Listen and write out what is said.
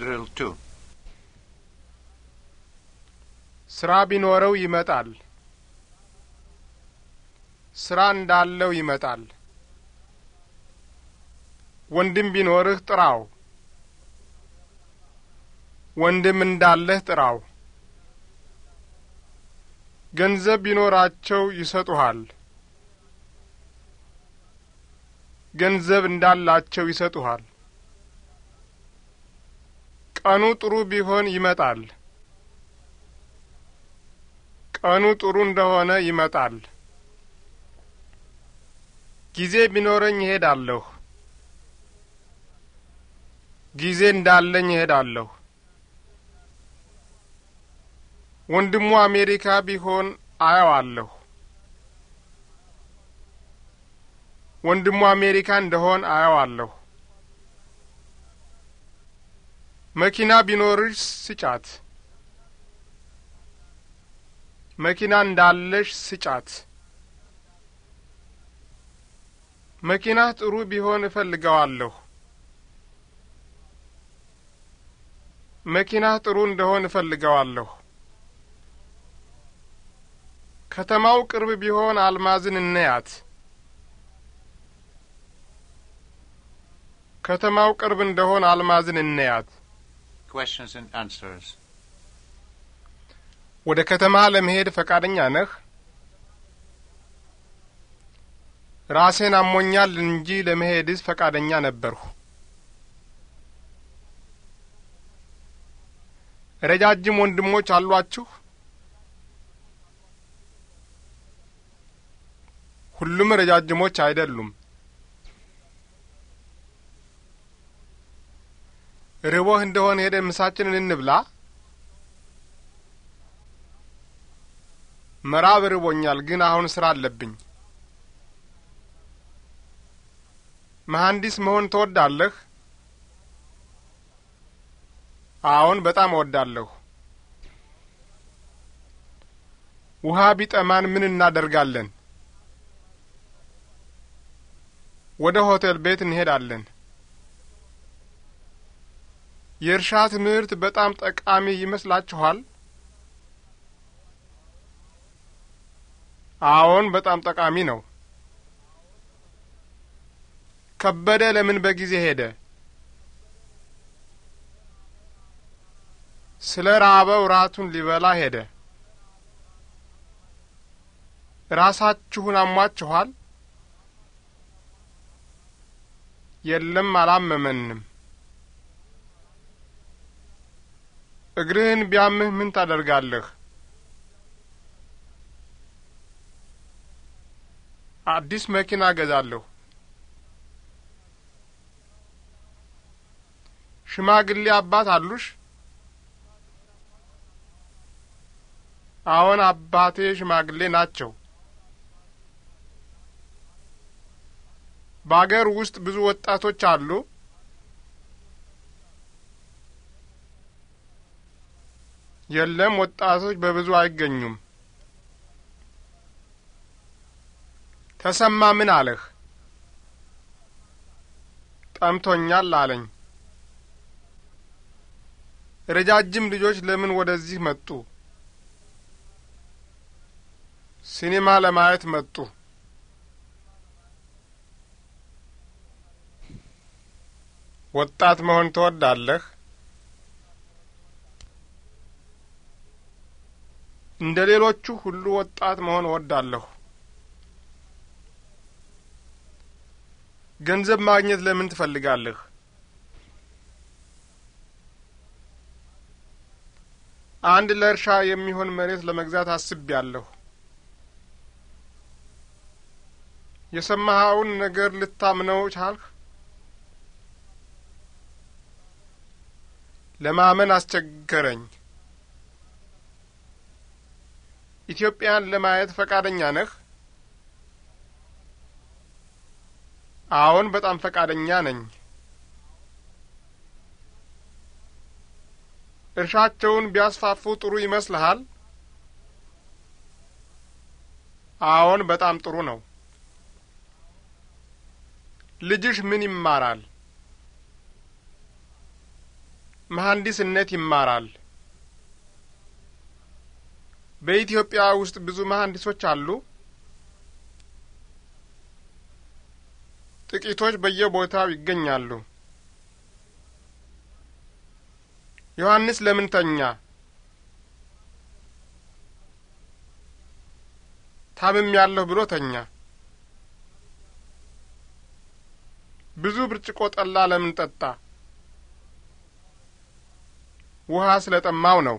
ድሪል ቱ ስራ ቢኖረው ይመጣል። ስራ እንዳለው ይመጣል። ወንድም ቢኖርህ ጥራው። ወንድም እንዳለህ ጥራው። ገንዘብ ቢኖራቸው ይሰጡሃል። ገንዘብ እንዳላቸው ይሰጡሃል። ቀኑ ጥሩ ቢሆን ይመጣል። ቀኑ ጥሩ እንደሆነ ይመጣል። ጊዜ ቢኖረኝ እሄዳለሁ። ጊዜ እንዳለኝ እሄዳለሁ። ወንድሙ አሜሪካ ቢሆን አየዋለሁ። ወንድሙ አሜሪካ እንደሆን አየዋለሁ። መኪና ቢኖርሽ ስጫት። መኪና እንዳለሽ ስጫት። መኪናህ ጥሩ ቢሆን እፈልገዋለሁ። መኪናህ ጥሩ እንደሆን እፈልገዋለሁ። ከተማው ቅርብ ቢሆን አልማዝን እንያት። ከተማው ቅርብ እንደሆን አልማዝን እንያት። ወደ ከተማ ለመሄድ ፈቃደኛ ነህ? ራሴን አሞኛል እንጂ ለመሄድስ ፈቃደኛ ነበርሁ። ረጃጅም ወንድሞች አሏችሁ? ሁሉም ረጃጅሞች አይደሉም። ርቦህ እንደሆነ ሄደ ምሳችንን እንብላ። መራብ ርቦኛል፣ ግን አሁን ስራ አለብኝ። መሐንዲስ መሆን ትወዳለህ? አዎን፣ በጣም እወዳለሁ። ውሃ ቢጠማን ምን እናደርጋለን? ወደ ሆቴል ቤት እንሄዳለን። የእርሻ ትምህርት በጣም ጠቃሚ ይመስላችኋል? አዎን፣ በጣም ጠቃሚ ነው። ከበደ ለምን በጊዜ ሄደ? ስለ ራበው ራቱን ሊበላ ሄደ። ራሳችሁን አሟችኋል? የለም፣ አላመመንም። እግርህን ቢያምህ ምን ታደርጋለህ? አዲስ መኪና እገዛለሁ። ሽማግሌ አባት አሉሽ? አዎን፣ አባቴ ሽማግሌ ናቸው። በአገር ውስጥ ብዙ ወጣቶች አሉ? የለም ወጣቶች በብዙ አይገኙም። ተሰማ ምን አለህ? ጠምቶኛል አለኝ። ረጃጅም ልጆች ለምን ወደዚህ መጡ? ሲኔማ ለማየት መጡ። ወጣት መሆን ትወዳለህ? እንደ ሌሎቹ ሁሉ ወጣት መሆን እወዳለሁ። ገንዘብ ማግኘት ለምን ትፈልጋለህ? አንድ ለእርሻ የሚሆን መሬት ለመግዛት አስቤያለሁ። የሰማኸውን ነገር ልታምነው ቻልህ? ለማመን አስቸገረኝ። ኢትዮጵያን ለማየት ፈቃደኛ ነህ? አዎን፣ በጣም ፈቃደኛ ነኝ። እርሻቸውን ቢያስፋፉ ጥሩ ይመስልሃል? አዎን፣ በጣም ጥሩ ነው። ልጅሽ ምን ይማራል? መሐንዲስነት ይማራል። በኢትዮጵያ ውስጥ ብዙ መሀንዲሶች አሉ። ጥቂቶች በየቦታው ይገኛሉ። ዮሐንስ ለምን ተኛ? ታምም ያለሁ ብሎ ተኛ። ብዙ ብርጭቆ ጠላ ለምን ጠጣ? ውሃ ስለጠማው ነው።